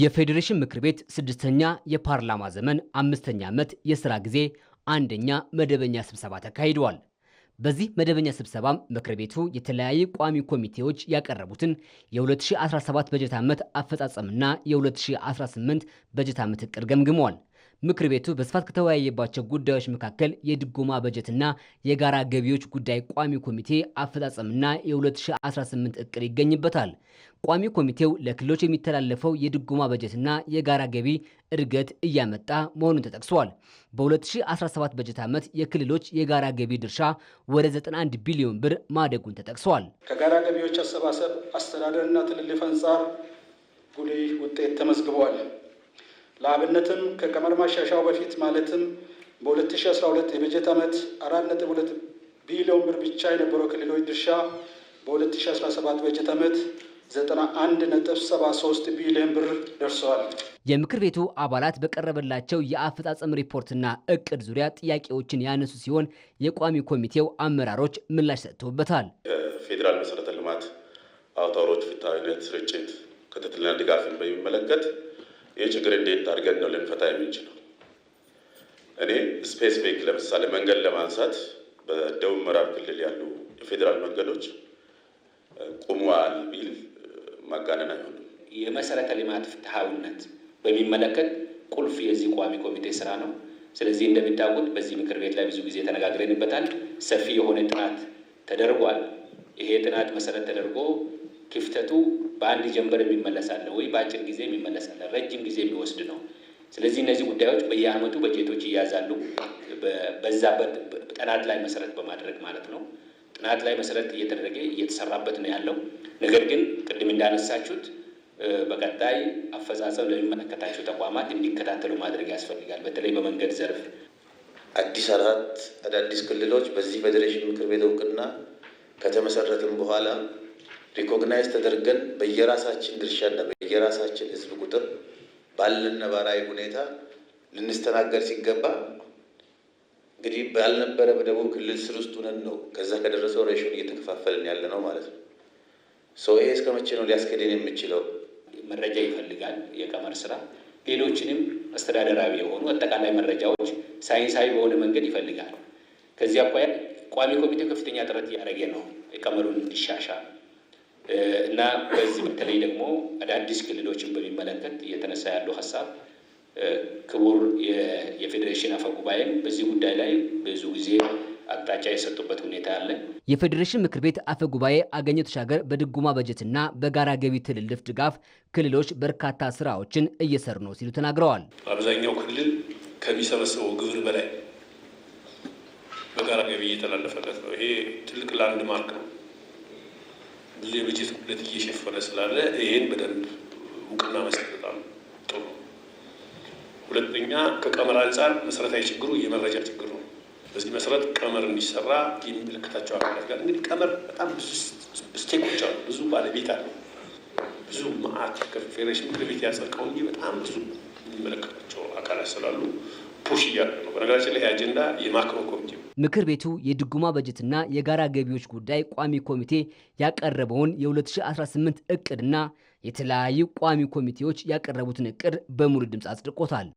የፌዴሬሽን ምክር ቤት ስድስተኛ የፓርላማ ዘመን አምስተኛ ዓመት የሥራ ጊዜ አንደኛ መደበኛ ስብሰባ ተካሂደዋል። በዚህ መደበኛ ስብሰባ ምክር ቤቱ የተለያዩ ቋሚ ኮሚቴዎች ያቀረቡትን የ2017 በጀት ዓመት አፈጻጸምና የ2018 በጀት ዓመት እቅድ ገምግመዋል። ምክር ቤቱ በስፋት ከተወያየባቸው ጉዳዮች መካከል የድጎማ በጀትና የጋራ ገቢዎች ጉዳይ ቋሚ ኮሚቴ አፈጻጸምና የ2018 እቅድ ይገኝበታል። ቋሚ ኮሚቴው ለክልሎች የሚተላለፈው የድጎማ በጀትና የጋራ ገቢ እድገት እያመጣ መሆኑን ተጠቅሷል። በ2017 በጀት ዓመት የክልሎች የጋራ ገቢ ድርሻ ወደ 91 ቢሊዮን ብር ማደጉን ተጠቅሷል። ከጋራ ገቢዎች አሰባሰብ አስተዳደርና ትልልፍ አንጻር ጉልህ ውጤት ተመዝግቧል። ለአብነትም ከቀመር ማሻሻው በፊት ማለትም በ2012 የበጀት ዓመት 4.2 ቢሊዮን ብር ብቻ የነበረው ክልሎች ድርሻ በ2017 በጀት ዓመት 91.73 ቢሊዮን ብር ደርሰዋል። የምክር ቤቱ አባላት በቀረበላቸው የአፈጻጸም ሪፖርትና እቅድ ዙሪያ ጥያቄዎችን ያነሱ ሲሆን የቋሚ ኮሚቴው አመራሮች ምላሽ ሰጥተውበታል። የፌዴራል መሰረተ ልማት አውታሮች ፍትሐዊነት፣ ስርጭት፣ ክትትልና ድጋፍን በሚመለከት ይህ ችግር እንዴት አድርገን ነው ልንፈታ የምንችለው? እኔ ስፔሲፊክ ለምሳሌ መንገድ ለማንሳት በደቡብ ምዕራብ ክልል ያሉ የፌዴራል መንገዶች ማጋነን አይሆንም። የመሰረተ ልማት ፍትሐዊነት በሚመለከት ቁልፍ የዚህ ቋሚ ኮሚቴ ስራ ነው። ስለዚህ እንደሚታወቁት በዚህ ምክር ቤት ላይ ብዙ ጊዜ ተነጋግረንበታል። ሰፊ የሆነ ጥናት ተደርጓል። ይሄ ጥናት መሰረት ተደርጎ ክፍተቱ በአንድ ጀንበር የሚመለሳለ ወይ? በአጭር ጊዜ የሚመለሳለ ረጅም ጊዜ የሚወስድ ነው። ስለዚህ እነዚህ ጉዳዮች በየአመቱ በጀቶች ይያዛሉ። በዛ ጥናት ላይ መሰረት በማድረግ ማለት ነው። ጥናት ላይ መሰረት እየተደረገ እየተሰራበት ነው ያለው። ነገር ግን ቅድም እንዳነሳችሁት በቀጣይ አፈጻጸም ለሚመለከታቸው ተቋማት እንዲከታተሉ ማድረግ ያስፈልጋል። በተለይ በመንገድ ዘርፍ አዲስ አራት አዳዲስ ክልሎች በዚህ ፌዴሬሽን ምክር ቤት እውቅና ከተመሰረትን በኋላ ሪኮግናይዝ ተደርገን በየራሳችን ድርሻና በየራሳችን ህዝብ ቁጥር ባለን ነባራዊ ሁኔታ ልንስተናገድ ሲገባ እንግዲህ ባልነበረ በደቡብ ክልል ስር ውስጥ ሁነን ነው ከዛ ከደረሰው ሬሽን እየተከፋፈልን ያለ ነው ማለት ነው። ሰው ይሄ እስከ መቼ ነው ሊያስኬደን የምችለው? መረጃ ይፈልጋል የቀመር ስራ፣ ሌሎችንም አስተዳደራዊ የሆኑ አጠቃላይ መረጃዎች ሳይንሳዊ በሆነ መንገድ ይፈልጋል። ከዚህ አኳያ ቋሚ ኮሚቴው ከፍተኛ ጥረት እያደረገ ነው የቀመሩን እንዲሻሻል እና በዚህ በተለይ ደግሞ አዳዲስ ክልሎችን በሚመለከት እየተነሳ ያለው ሀሳብ ክቡር የፌዴሬሽን አፈ ጉባኤም በዚህ ጉዳይ ላይ ብዙ ጊዜ አቅጣጫ የሰጡበት ሁኔታ አለ። የፌዴሬሽን ምክር ቤት አፈ ጉባኤ አገኘሁ ተሻገር በድጉማ በጀትና በጋራ ገቢ ትልልፍ ድጋፍ ክልሎች በርካታ ስራዎችን እየሰሩ ነው ሲሉ ተናግረዋል። በአብዛኛው ክልል ከሚሰበሰበው ግብር በላይ በጋራ ገቢ እየተላለፈበት ነው። ይሄ ትልቅ ላንድ ማርክ ነው። ብዙ የበጀት ጉድለት እየሸፈነ ስላለ ይህን በደንብ እውቅና መሰጠት ሁለተኛ ከቀመር አንጻር መሰረታዊ ችግሩ የመረጃ ችግር ነው። በዚህ መሰረት ቀመር እንዲሰራ የሚመለከታቸው አካላት ጋር እንግዲህ ቀመር በጣም ብዙ ስቴኮች አሉ፣ ብዙ ባለቤት አለ፣ ብዙ ማአት ከፌዴሬሽን ምክር ቤት ያጸድቀው እንጂ በጣም ብዙ የሚመለከታቸው አካላት ስላሉ ፑሽ እያለ ነው። በነገራችን ላይ አጀንዳ የማክሮ ኮሚቴ ምክር ቤቱ የድጉማ በጀትና የጋራ ገቢዎች ጉዳይ ቋሚ ኮሚቴ ያቀረበውን የ2018 እቅድና የተለያዩ ቋሚ ኮሚቴዎች ያቀረቡትን እቅድ በሙሉ ድምፅ አጽድቆታል።